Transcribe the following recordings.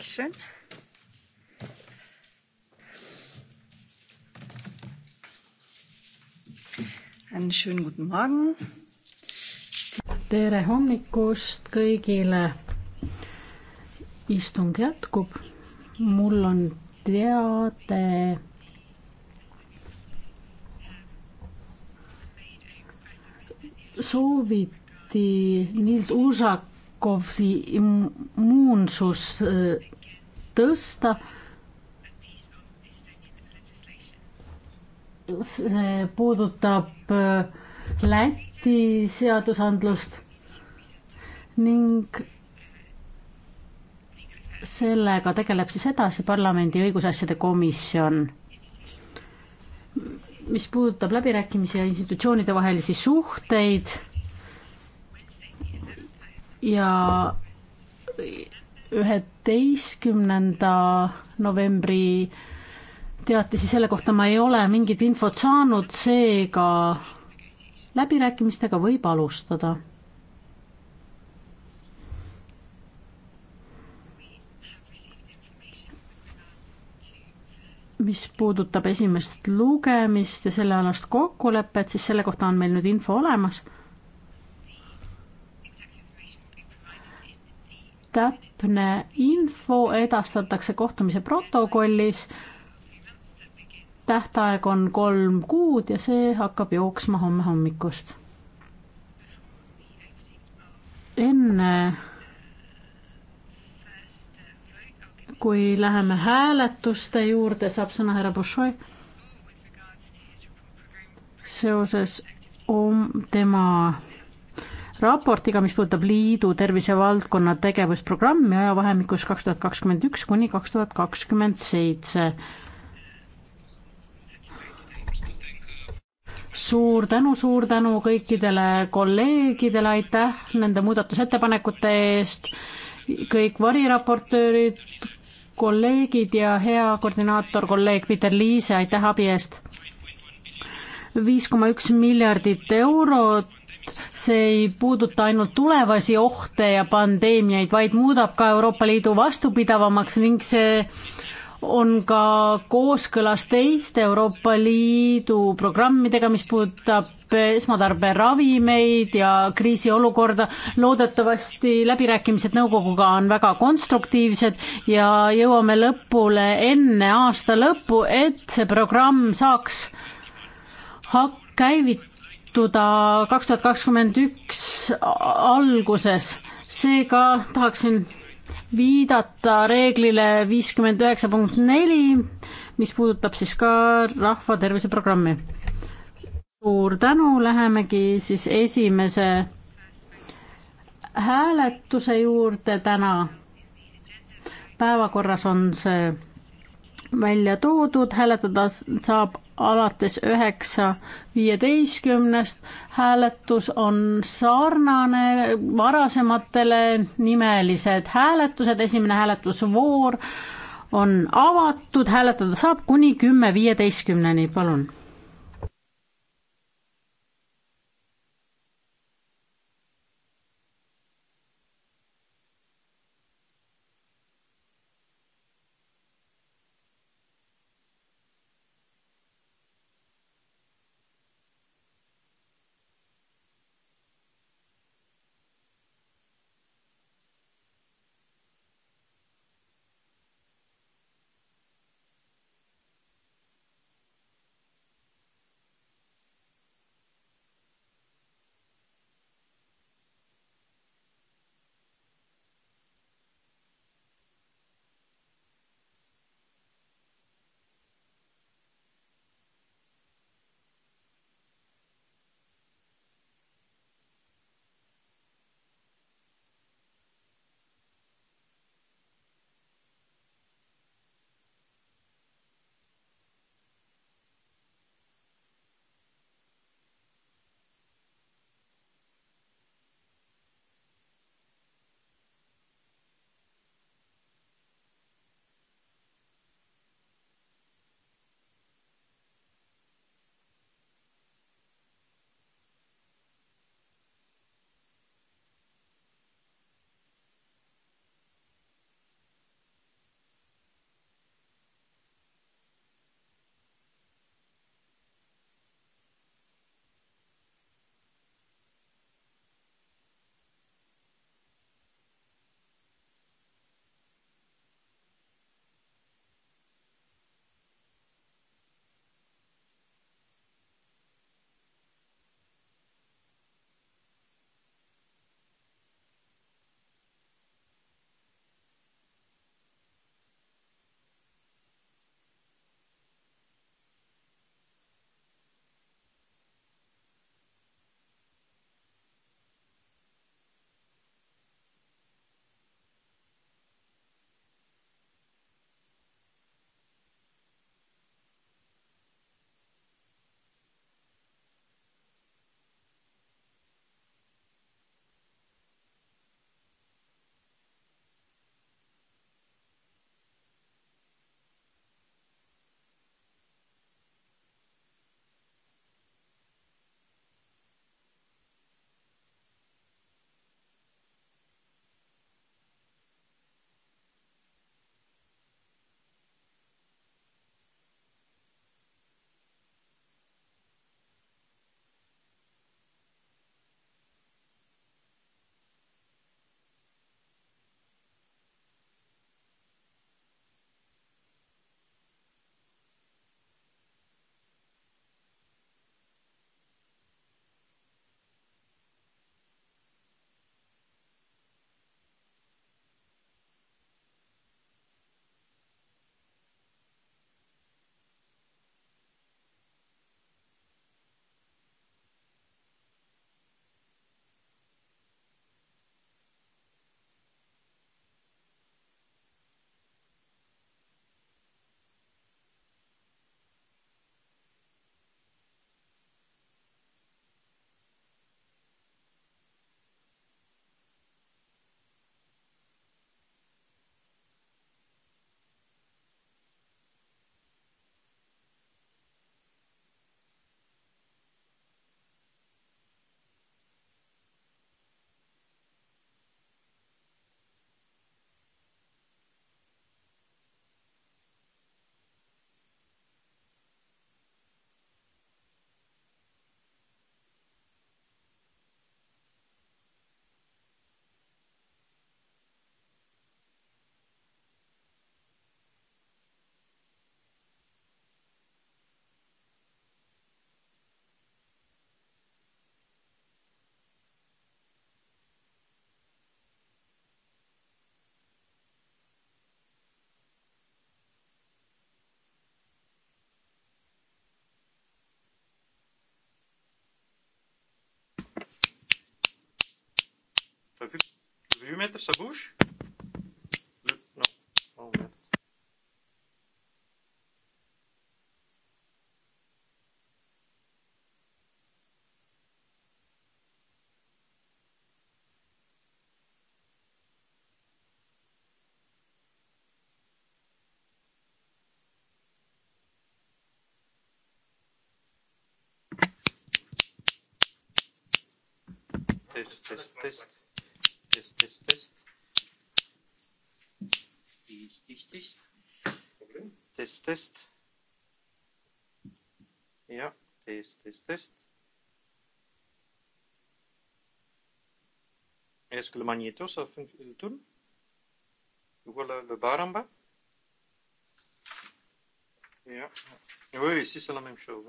action. Einen schönen guten Morgen. tere hommikust kõigile. istung jätkub. mul on teade. sooviti Nils Užak KOV-i immuunsus äh, tõsta. see puudutab äh, Läti seadusandlust ning sellega tegeleb siis edasi parlamendi õigusasjade komisjon. mis puudutab läbirääkimisi ja institutsioonide vahelisi suhteid ja üheteistkümnenda novembri teatisi selle kohta ma ei ole mingit infot saanud, seega läbirääkimistega võib alustada. mis puudutab esimest lugemist ja sellealast kokkulepet, siis selle kohta on meil nüüd info olemas täpne info edastatakse kohtumise protokollis. tähtaeg on kolm kuud ja see hakkab jooksma homme hommikust. enne kui läheme hääletuste juurde, saab sõna härra Bushoi seoses om-, tema raportiga, mis puudutab liidu tervisevaldkonna tegevusprogrammi ajavahemikus kaks tuhat kakskümmend üks kuni kaks tuhat kakskümmend seitse. suur tänu, suur tänu kõikidele kolleegidele, aitäh nende muudatusettepanekute eest, kõik variraportöörid, kolleegid ja hea koordinaator, kolleeg Peter Liise, aitäh abi eest. viis koma üks miljardit eurot see ei puuduta ainult tulevasi ohte ja pandeemiaid, vaid muudab ka Euroopa Liidu vastupidavamaks ning see on ka kooskõlas teiste Euroopa Liidu programmidega, mis puudutab esmatarberavimeid ja kriisiolukorda. loodetavasti läbirääkimised nõukoguga on väga konstruktiivsed ja jõuame lõpule enne aasta lõppu, et see programm saaks hak-, käivit-, juhtuda kaks tuhat kakskümmend üks alguses. seega tahaksin viidata reeglile viiskümmend üheksa punkt neli, mis puudutab siis ka rahvatervise programmi. suur tänu, lähemegi siis esimese hääletuse juurde täna. päevakorras on see välja toodud, hääletada saab alates üheksa viieteistkümnest. hääletus on sarnane varasematele nimelised hääletused, esimene hääletusvoor on avatud, hääletada saab kuni kümme viieteistkümneni, palun le plus... Je vais lui mettre sa bouche. Le... Non. Oh merde. Test, test, test. Test, test, test. Tist, tist, tist. Test, test. Ja, test, test, test. Jeg skulle manito să funcționeze turn. Voilà le bar en bas. Ja. Oui, ici c'est la même chose.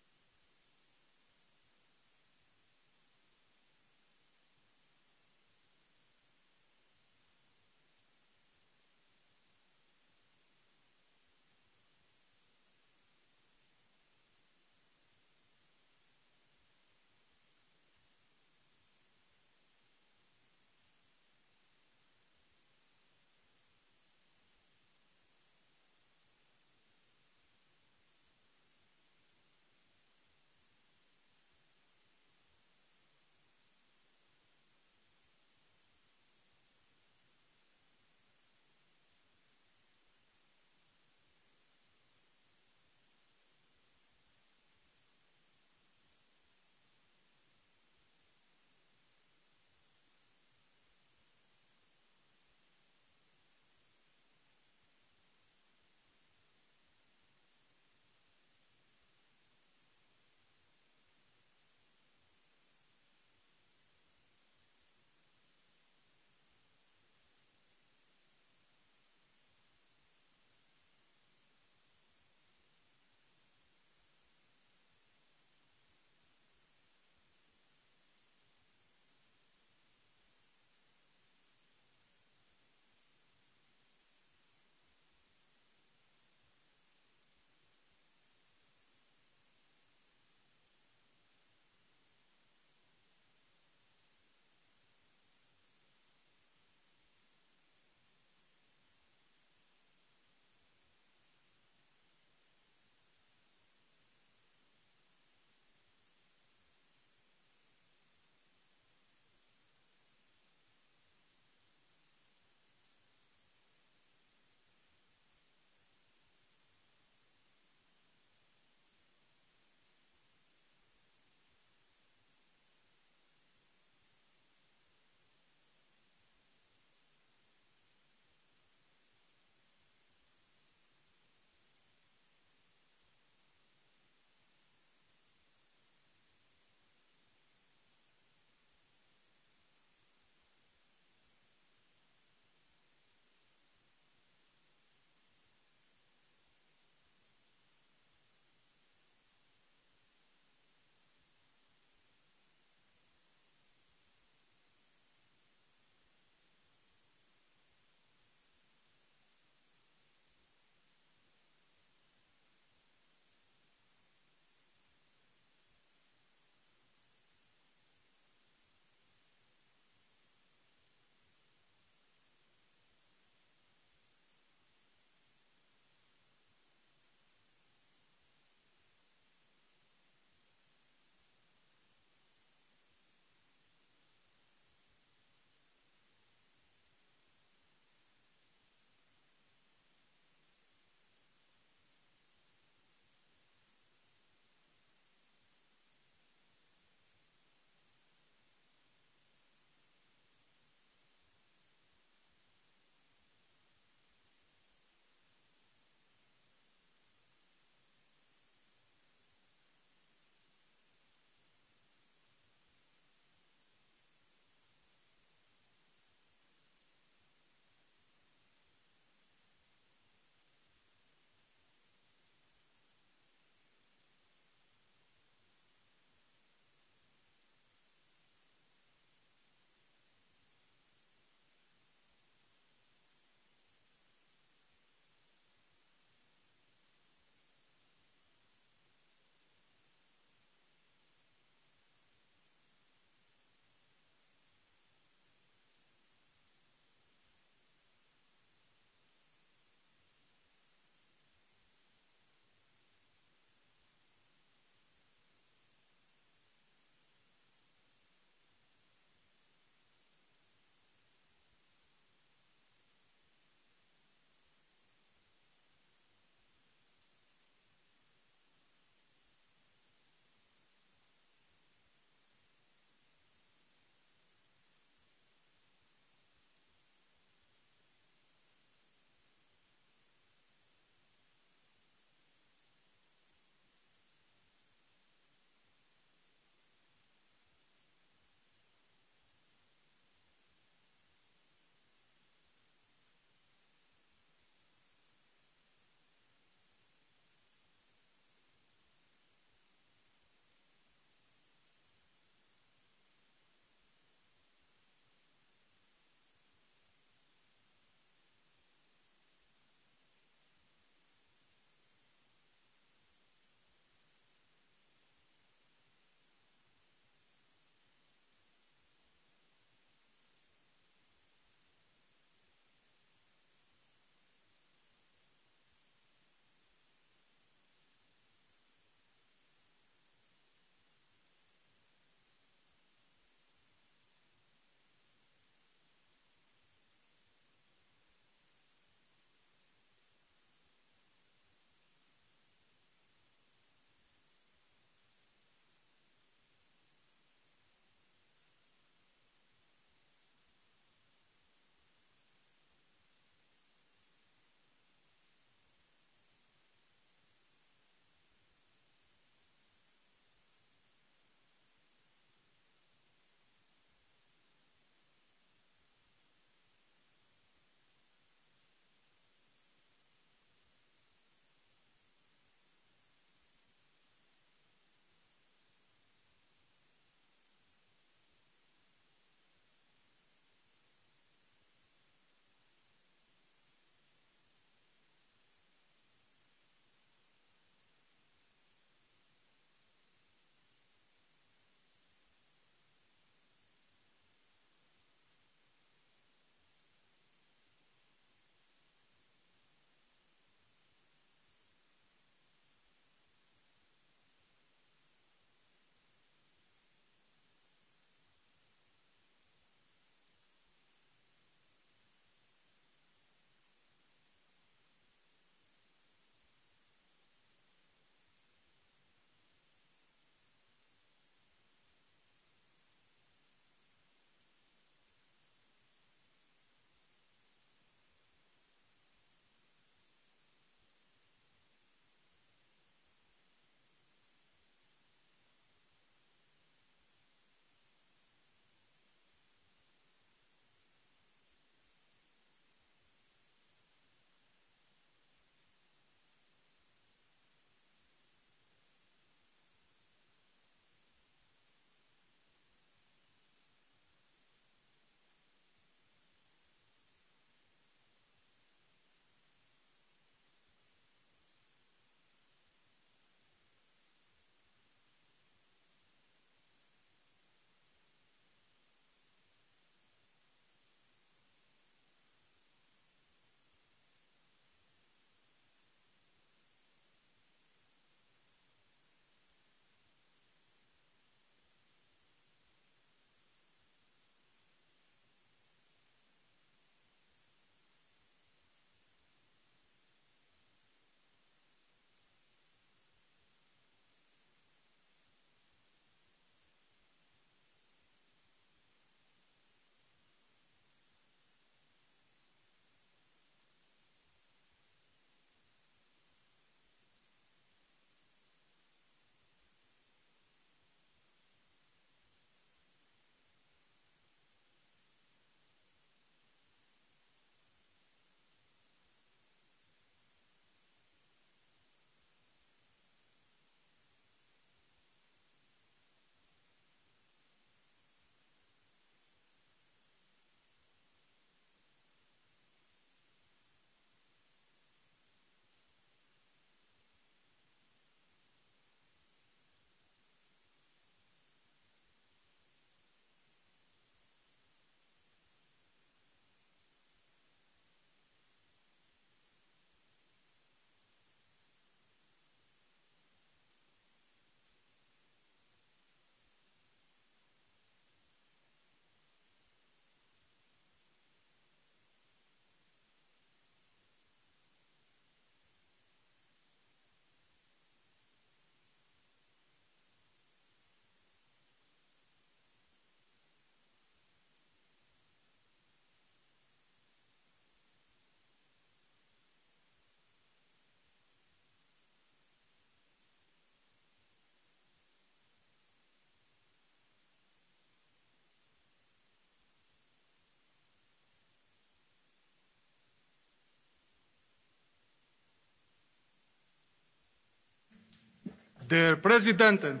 der präsidentin!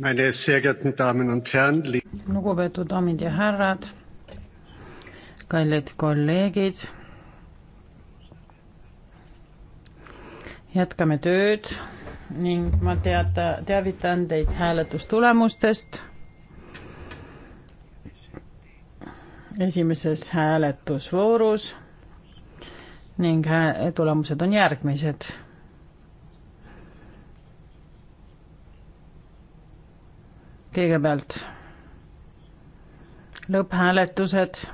meine sehr geehrten damen und herren lugupeetud daamid ja härrad kallid kolleegid jätkame tööd ning ma teata, teavitan teid hääletustulemustest. esimeses hääletusvoorus ning hää tulemused on järgmised kõigepealt lõpphääletused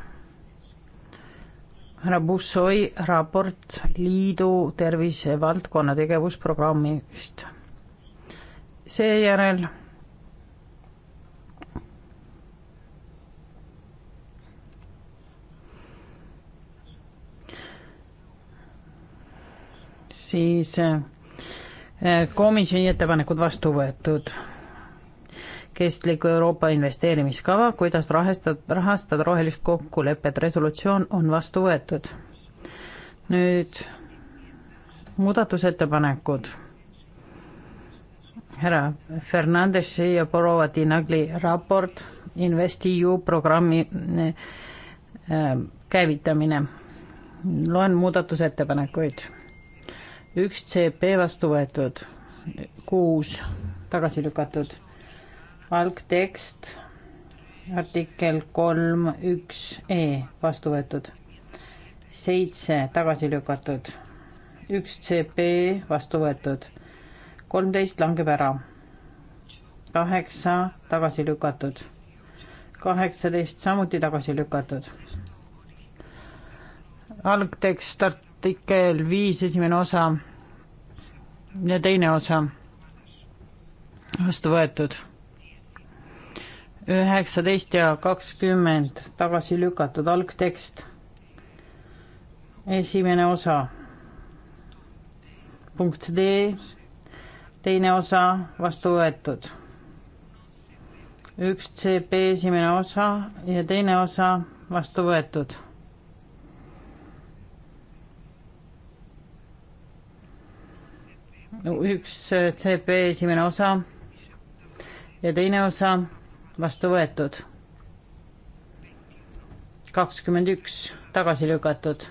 härra Bussoi raport liidu tervisevaldkonna tegevusprogrammist. seejärel siis eh, komisjoni ettepanekud vastu võetud kestliku Euroopa investeerimiskava, kuidas rahastada, rahastada rohelist kokkulepet, resolutsioon on vastu võetud. nüüd muudatusettepanekud. härra Fernandesi ja Borova Dinagli raport InvestEU programmi äh, käivitamine. loen muudatusettepanekuid. üks CP vastu võetud, kuus tagasi lükatud algtekst artikkel kolm üks E vastu võetud, seitse tagasi lükatud, üks CP vastu võetud, kolmteist langeb ära, kaheksa tagasi lükatud, kaheksateist samuti tagasi lükatud. algtekst artikkel viis esimene osa ja teine osa vastu võetud üheksateist ja kakskümmend tagasi lükatud algtekst. esimene osa. punkt D. teine osa vastu võetud. üks CP esimene osa ja teine osa vastu võetud. üks CP esimene osa ja teine osa vastu võetud. kakskümmend üks tagasi lükatud.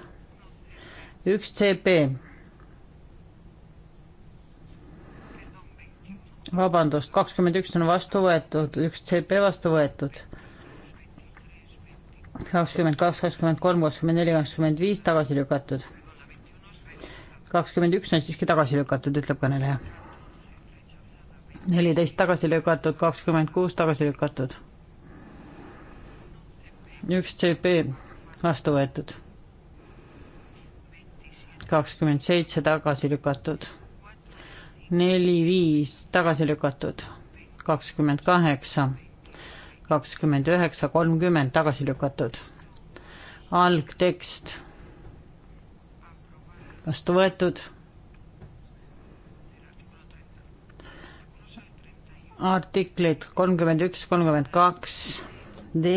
üks CP. vabandust, kakskümmend üks on vastu võetud, üks CP vastu võetud. kakskümmend kaks, kakskümmend kolm, kakskümmend neli, kakskümmend viis tagasi lükatud. kakskümmend üks on siiski tagasi lükatud, ütleb kõneleja neliteist tagasi lükatud, kakskümmend kuus tagasi lükatud. üks CP vastu võetud. kakskümmend seitse tagasi lükatud. neli, viis tagasi lükatud. kakskümmend kaheksa, kakskümmend üheksa, kolmkümmend tagasi lükatud. algtekst vastu võetud artiklid kolmkümmend üks, kolmkümmend kaks D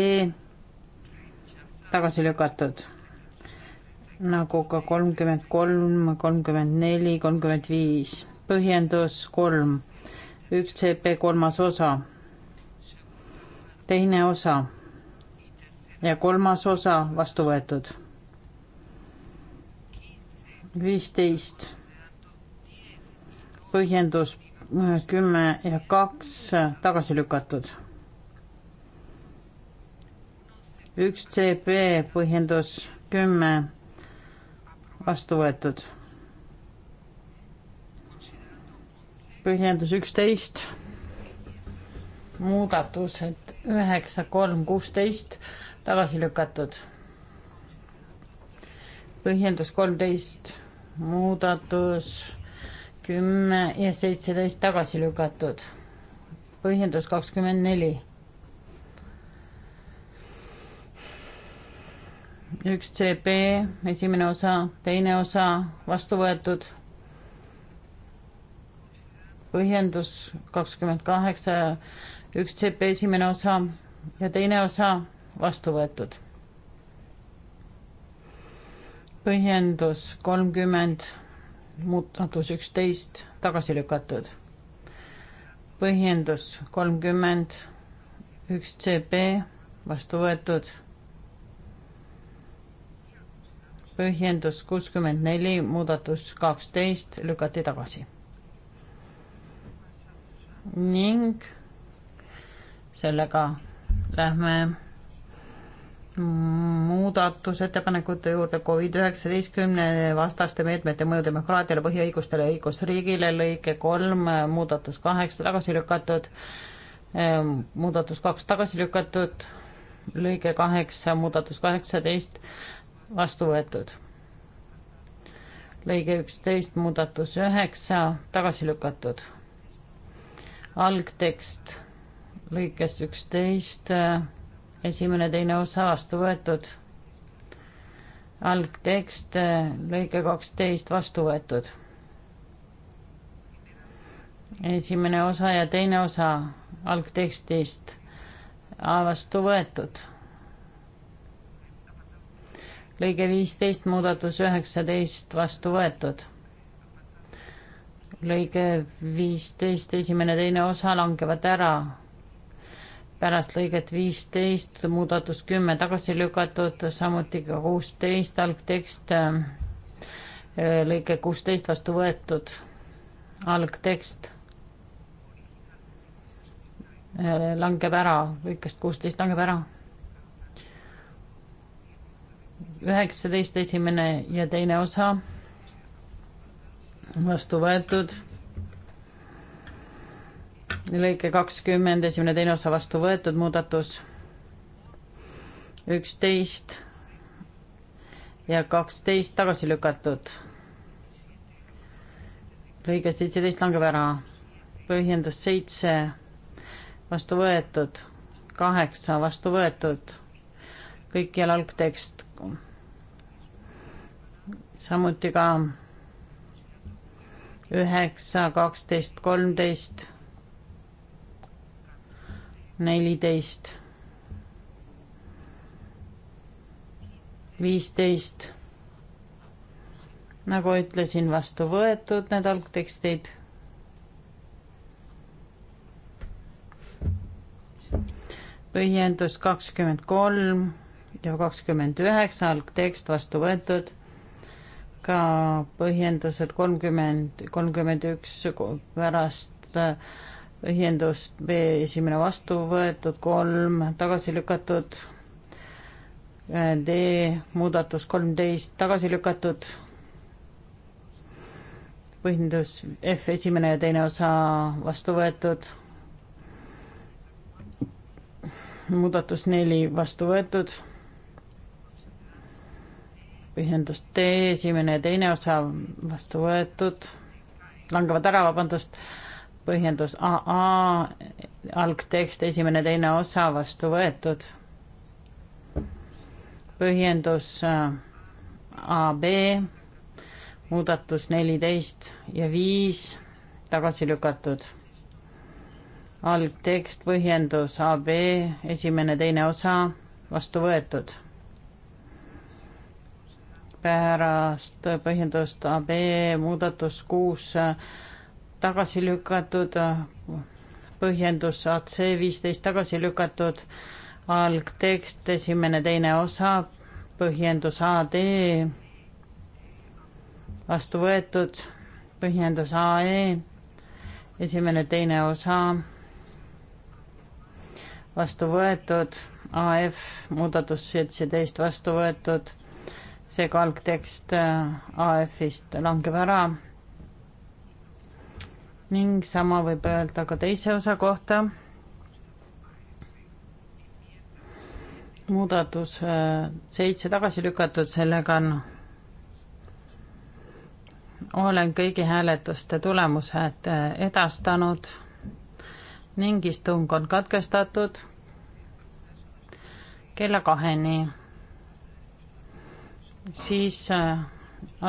tagasi lükatud, nagu ka kolmkümmend kolm, kolmkümmend neli, kolmkümmend viis. põhjendus kolm, üks CP kolmas osa, teine osa ja kolmas osa vastu võetud viisteist, põhjendus kümme ja kaks tagasi lükatud. üks CB põhjendus kümme vastu võetud. põhjendus üksteist, muudatused üheksa, kolm, kuusteist tagasi lükatud. põhjendus kolmteist, muudatus kümme ja seitseteist tagasi lükatud. põhjendus kakskümmend neli. üks CB, esimene osa, teine osa vastu võetud. põhjendus kakskümmend kaheksa, üks CB esimene osa ja teine osa vastu võetud. põhjendus kolmkümmend muudatus üksteist tagasi lükatud. põhjendus kolmkümmend, üks CB vastu võetud. põhjendus kuuskümmend neli, muudatus kaksteist lükati tagasi. ning sellega lähme muudatusettepanekute juurde Covid-19 vastaste meetmete mõju demokraatiale, põhiõigustele ja õigusriigile, lõike kolm, muudatus kaheksa tagasi lükatud, ehm, muudatus kaks tagasi lükatud, lõige kaheksa, muudatus kaheksateist vastu võetud. lõige üksteist, muudatus üheksa tagasi lükatud. algtekst lõikes üksteist 11 esimene, teine osa vastu võetud. algtekst äh, lõige kaksteist vastu võetud. esimene osa ja teine osa algtekstist äh, vastu võetud. lõige viisteist muudatus üheksateist vastu võetud lõige viisteist, esimene, teine osa langevad ära pärast lõiget viisteist, muudatus kümme tagasi lükatud, samuti ka kuusteist algtekst, äh, lõike kuusteist vastu võetud, algtekst äh, langeb ära, lõikest kuusteist langeb ära. üheksateist esimene ja teine osa vastu võetud lõike kakskümmend, esimene teine osa vastu võetud, muudatus üksteist ja kaksteist tagasi lükatud. lõige seitseteist langeb ära, põhjendus seitse vastu võetud, kaheksa vastu võetud, kõikjal algtekst. samuti ka üheksa, kaksteist, kolmteist neliteist, viisteist. nagu ütlesin, vastu võetud need algtekstid. põhjendus kakskümmend kolm ja kakskümmend üheksa, algtekst vastu võetud ka põhjendused kolmkümmend, kolmkümmend üks pärast ühendus B esimene vastu võetud, kolm tagasi lükatud, D muudatus kolmteist tagasi lükatud, põhjendus F esimene ja teine osa vastu võetud, muudatus neli vastu võetud, põhjendus D esimene ja teine osa vastu võetud, langevad ära, vabandust põhjendus AA, algtekst, esimene, teine osa vastu võetud. põhjendus äh, AB, muudatus neliteist ja viis tagasi lükatud. algtekst, põhjendus AB, esimene, teine osa vastu võetud. pärast põhjendust AB muudatus kuus tagasi lükatud, põhjendus AC viisteist tagasi lükatud, algtekst esimene, teine osa, põhjendus AD vastu võetud, põhjendus AE esimene, teine osa vastu võetud, AF muudatus seitseteist vastu võetud, seega algtekst AF-ist langeb ära ning sama võib öelda ka teise osa kohta. muudatus äh, seitse tagasi lükatud, sellega on, olen kõigi hääletuste tulemused äh, edastanud ning istung on katkestatud kella kaheni. siis äh,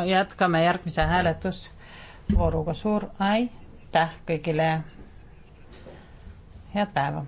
jätkame järgmise hääletusvooruga, suur ai aitäh kõigile. head päeva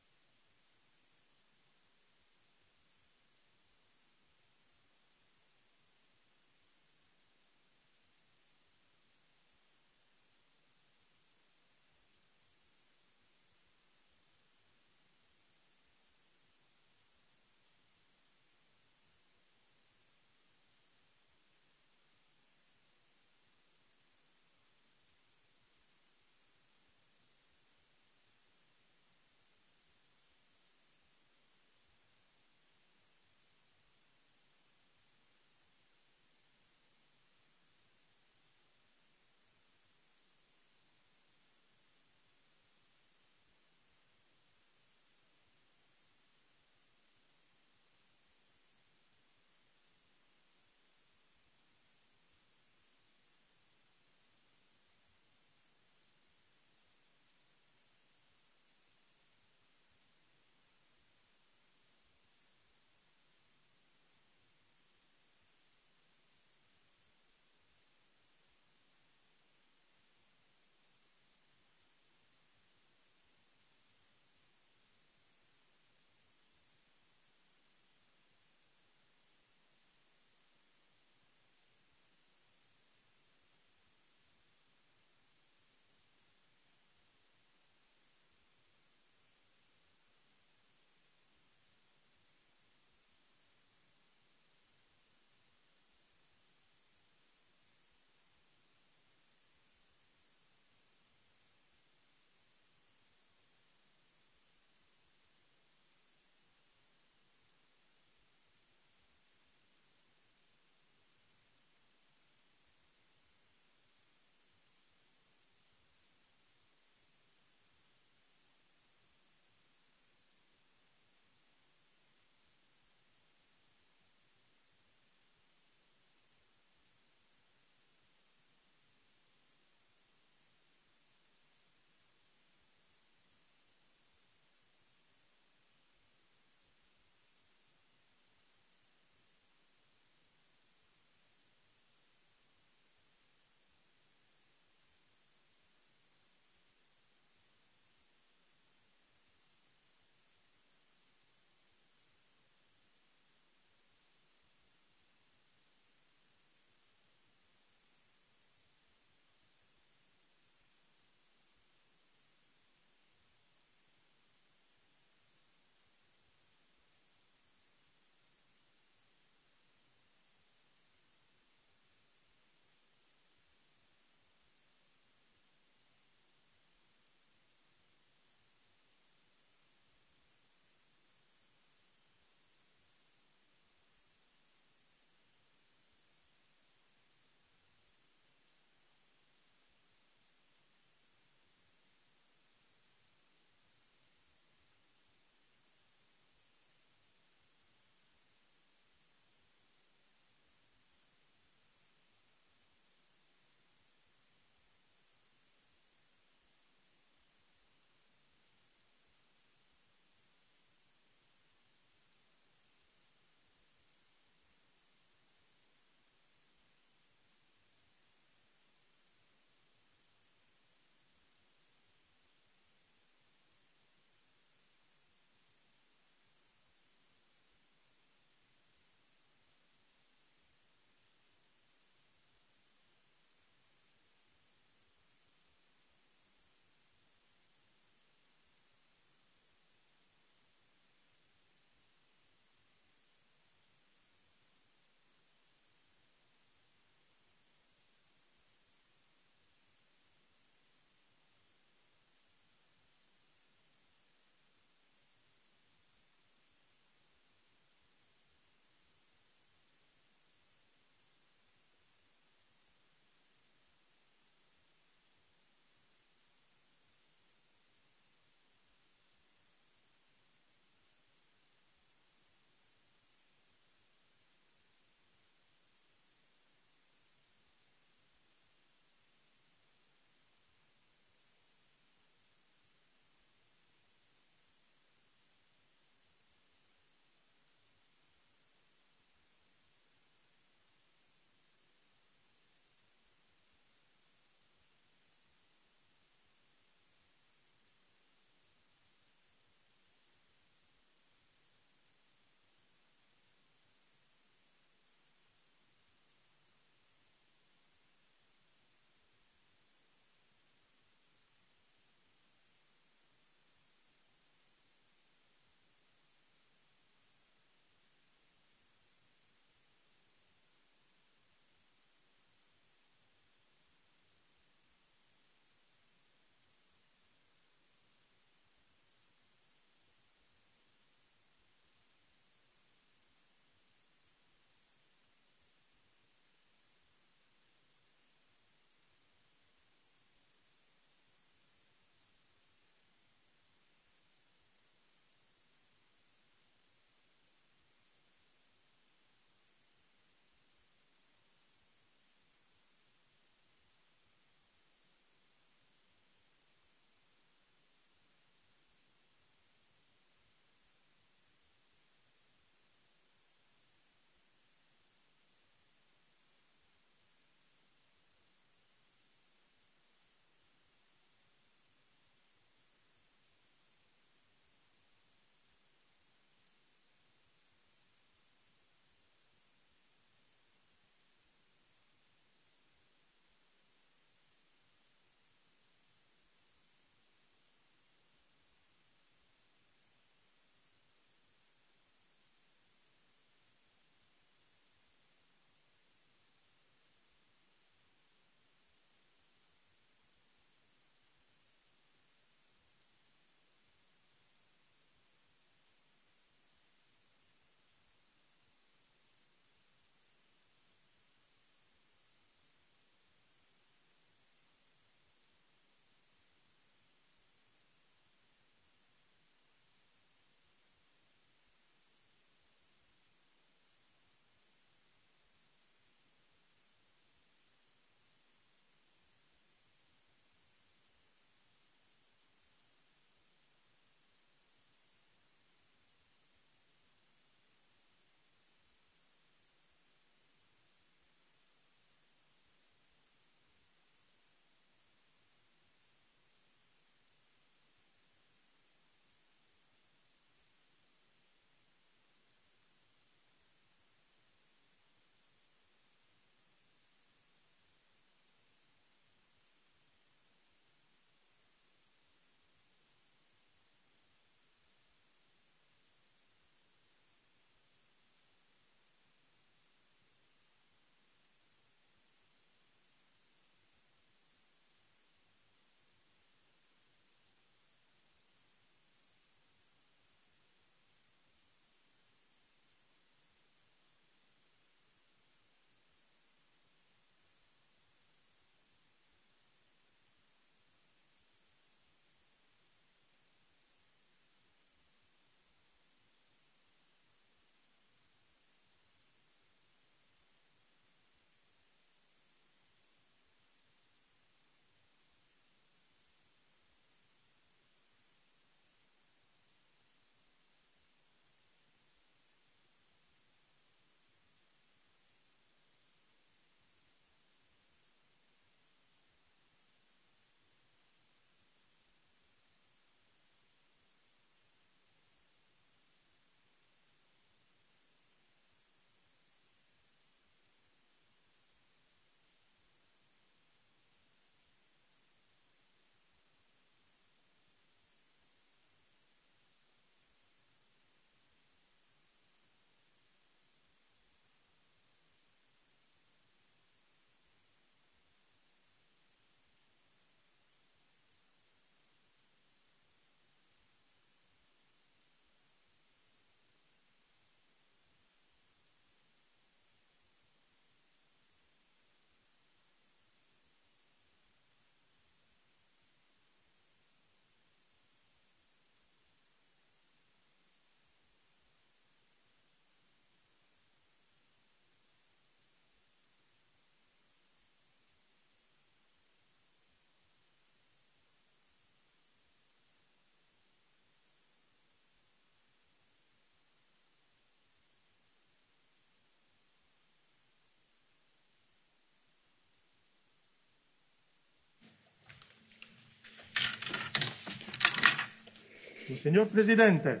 Signor Presidente,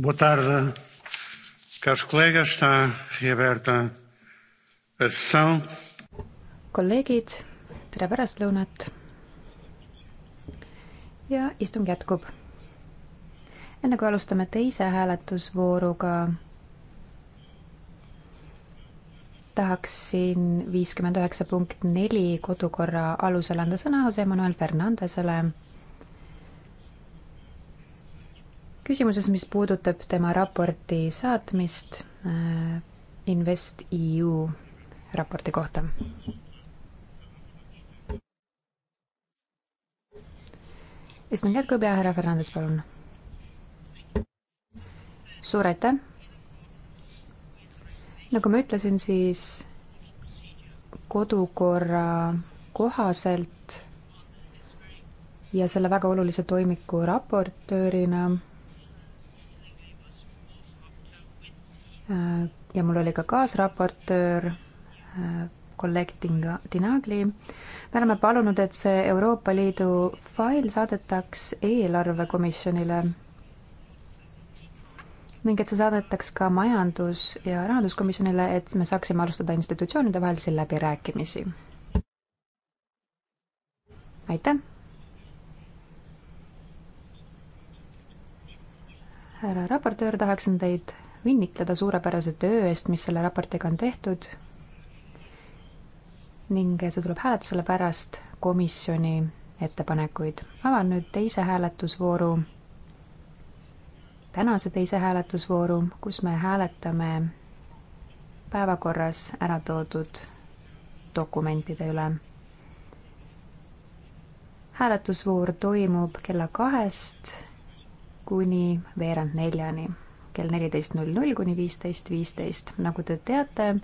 Boa tarde, caros colegas. Está reaberta a sessão. Kolleegid, tere pärastlõunat. ja istung jätkub enne kui alustame teise hääletusvooruga, tahaksin viiskümmend üheksa punkt neli kodukorra alusel anda sõna Jose Manuel Fernandesele küsimuses, mis puudutab tema raporti saatmist äh, InvestEU raporti kohta. istung jätkub ja härra Fernandes, palun suur aitäh! nagu ma ütlesin, siis kodukorra kohaselt ja selle väga olulise toimiku raportöörina äh, ja mul oli ka kaasraportöör, äh, kolleeg Dinga, Dinagli, me oleme palunud, et see Euroopa Liidu fail saadetaks eelarvekomisjonile ning et see saadetaks ka majandus- ja rahanduskomisjonile, et me saaksime alustada institutsioonide vahelisi läbirääkimisi. aitäh! härra raportöör, tahaksin teid õnnitleda suurepärase töö eest, mis selle raportiga on tehtud. ning see tuleb hääletusele pärast komisjoni ettepanekuid. avan nüüd teise hääletusvooru tänase teise hääletusvooru, kus me hääletame päevakorras ära toodud dokumentide üle. hääletusvoor toimub kella kahest kuni veerand neljani, kell neliteist null null kuni viisteist viisteist. nagu te teate,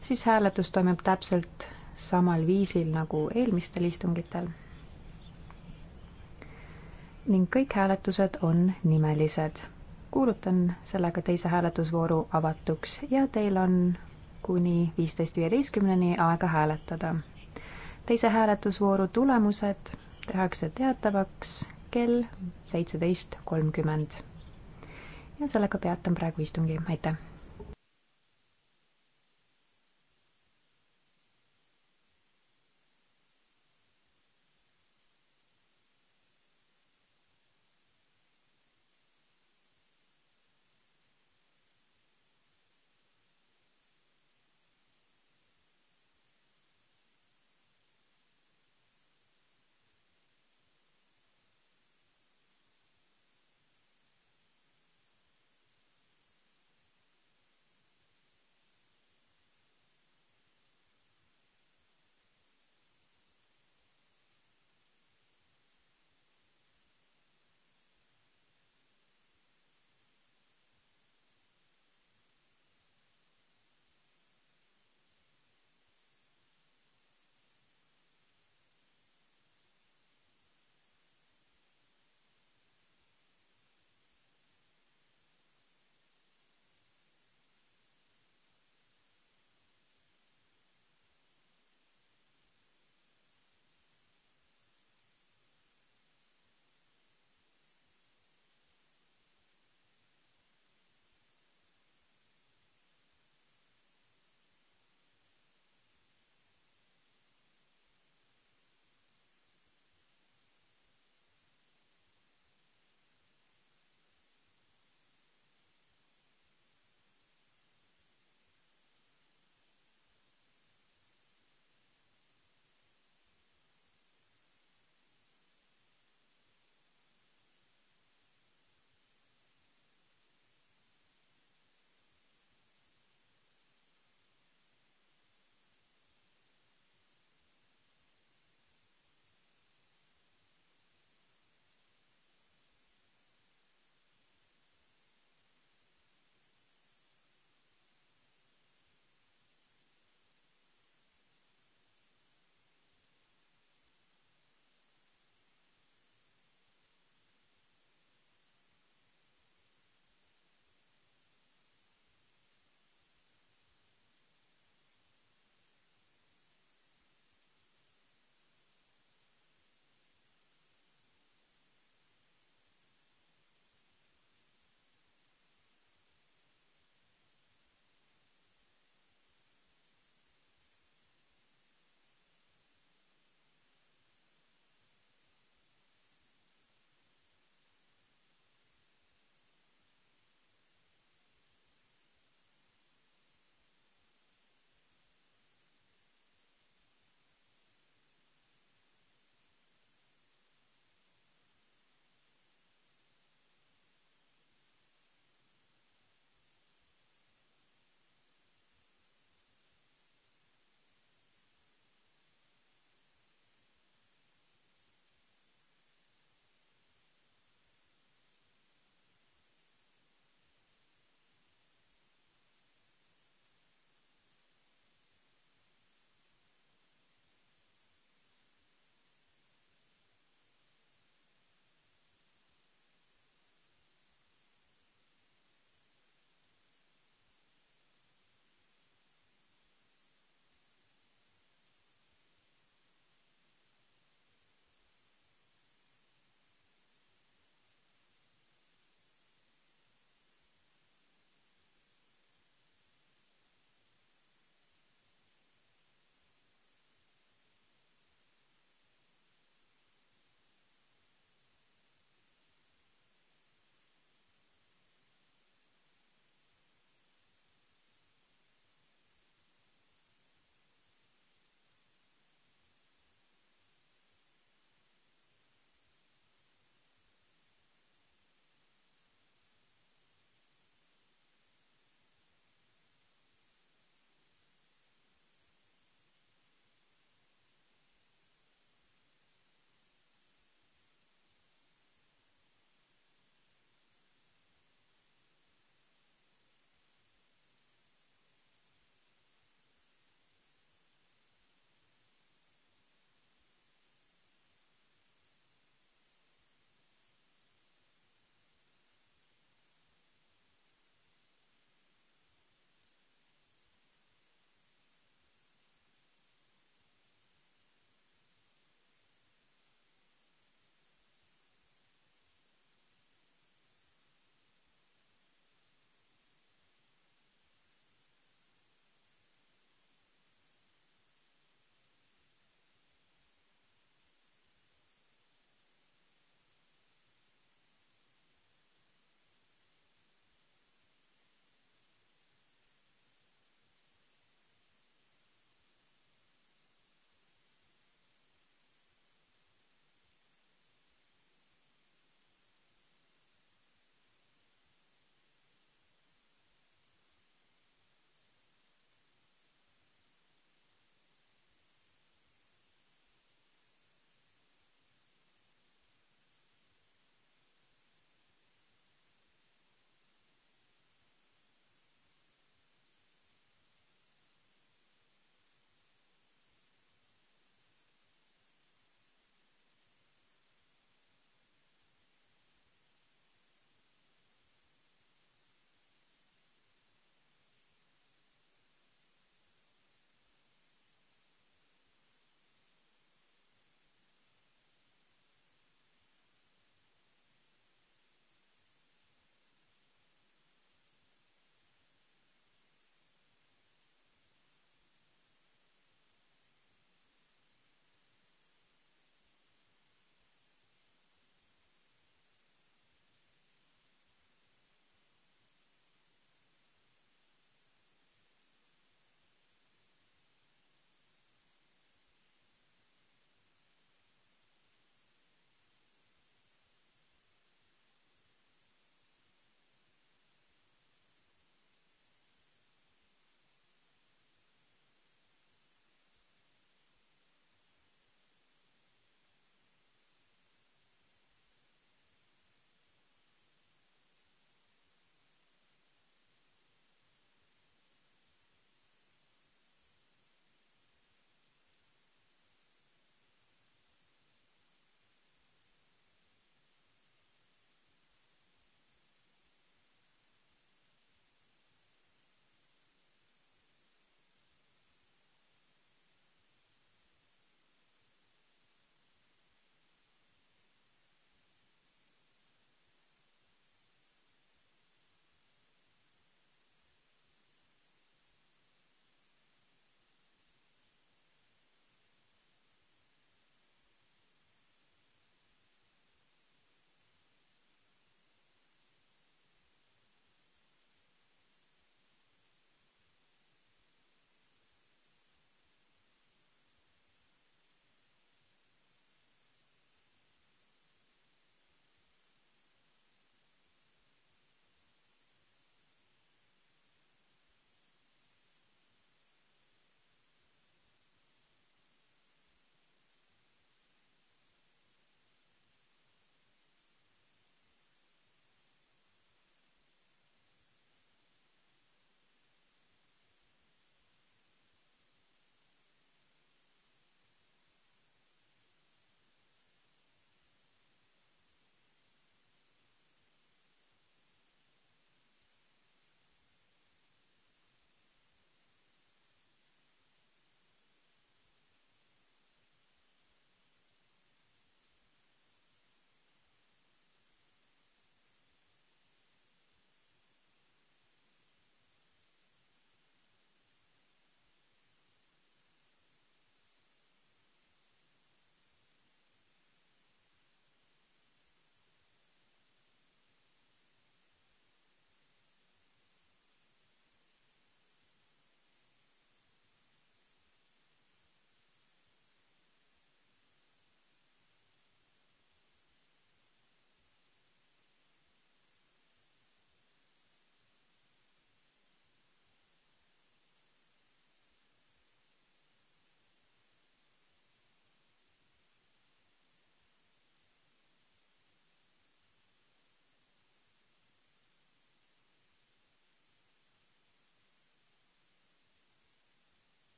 siis hääletus toimub täpselt samal viisil nagu eelmistel istungitel. ning kõik hääletused on nimelised kuulutan sellega teise hääletusvooru avatuks ja teil on kuni viisteist viieteistkümneni aega hääletada. teise hääletusvooru tulemused tehakse teatavaks kell seitseteist kolmkümmend. ja sellega peatan praegu istungi, aitäh!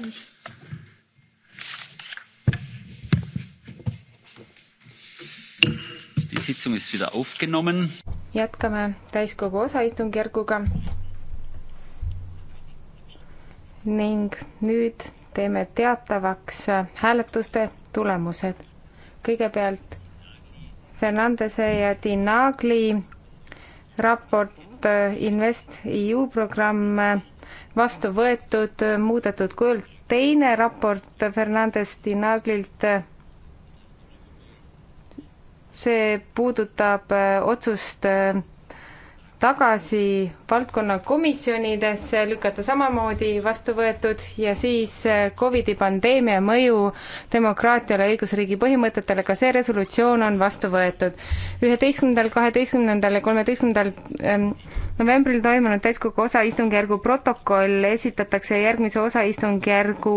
Mensch. Die Sitzung ist wieder aufgenommen. jätkame täiskogu osaistungjärguga. ning nüüd teeme teatavaks äh, hääletuste tulemused. kõigepealt Fernandese ja Dinagli raport äh, Invest EU programm äh, vastu võetud muudetud kujul. teine raport Fernandes Dinaglilt, see puudutab äh, otsust äh, tagasi valdkonna komisjonidesse, lükata samamoodi vastu võetud ja siis eh, Covidi pandeemia mõju demokraatiale ja õigusriigi põhimõtetele, ka see resolutsioon on vastu võetud. üheteistkümnendal, kaheteistkümnendal ja kolmeteistkümnendal ehm, novembril toimunud täiskogu osaistungjärgu protokoll esitatakse järgmise osaistungjärgu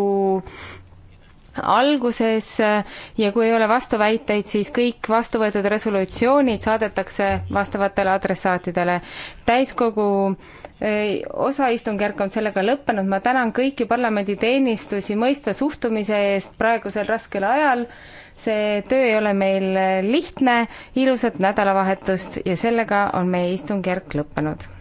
alguses äh, ja kui ei ole vastuväiteid, siis kõik vastu võetud resolutsioonid saadetakse vastavatele adressaatidele. täiskogu äh, osaistungjärk on sellega lõppenud, ma tänan kõiki parlamenditeenistusi mõistva suhtumise eest praegusel raskel ajal, see töö ei ole meil lihtne, ilusat nädalavahetust ja sellega on meie istungjärk lõppenud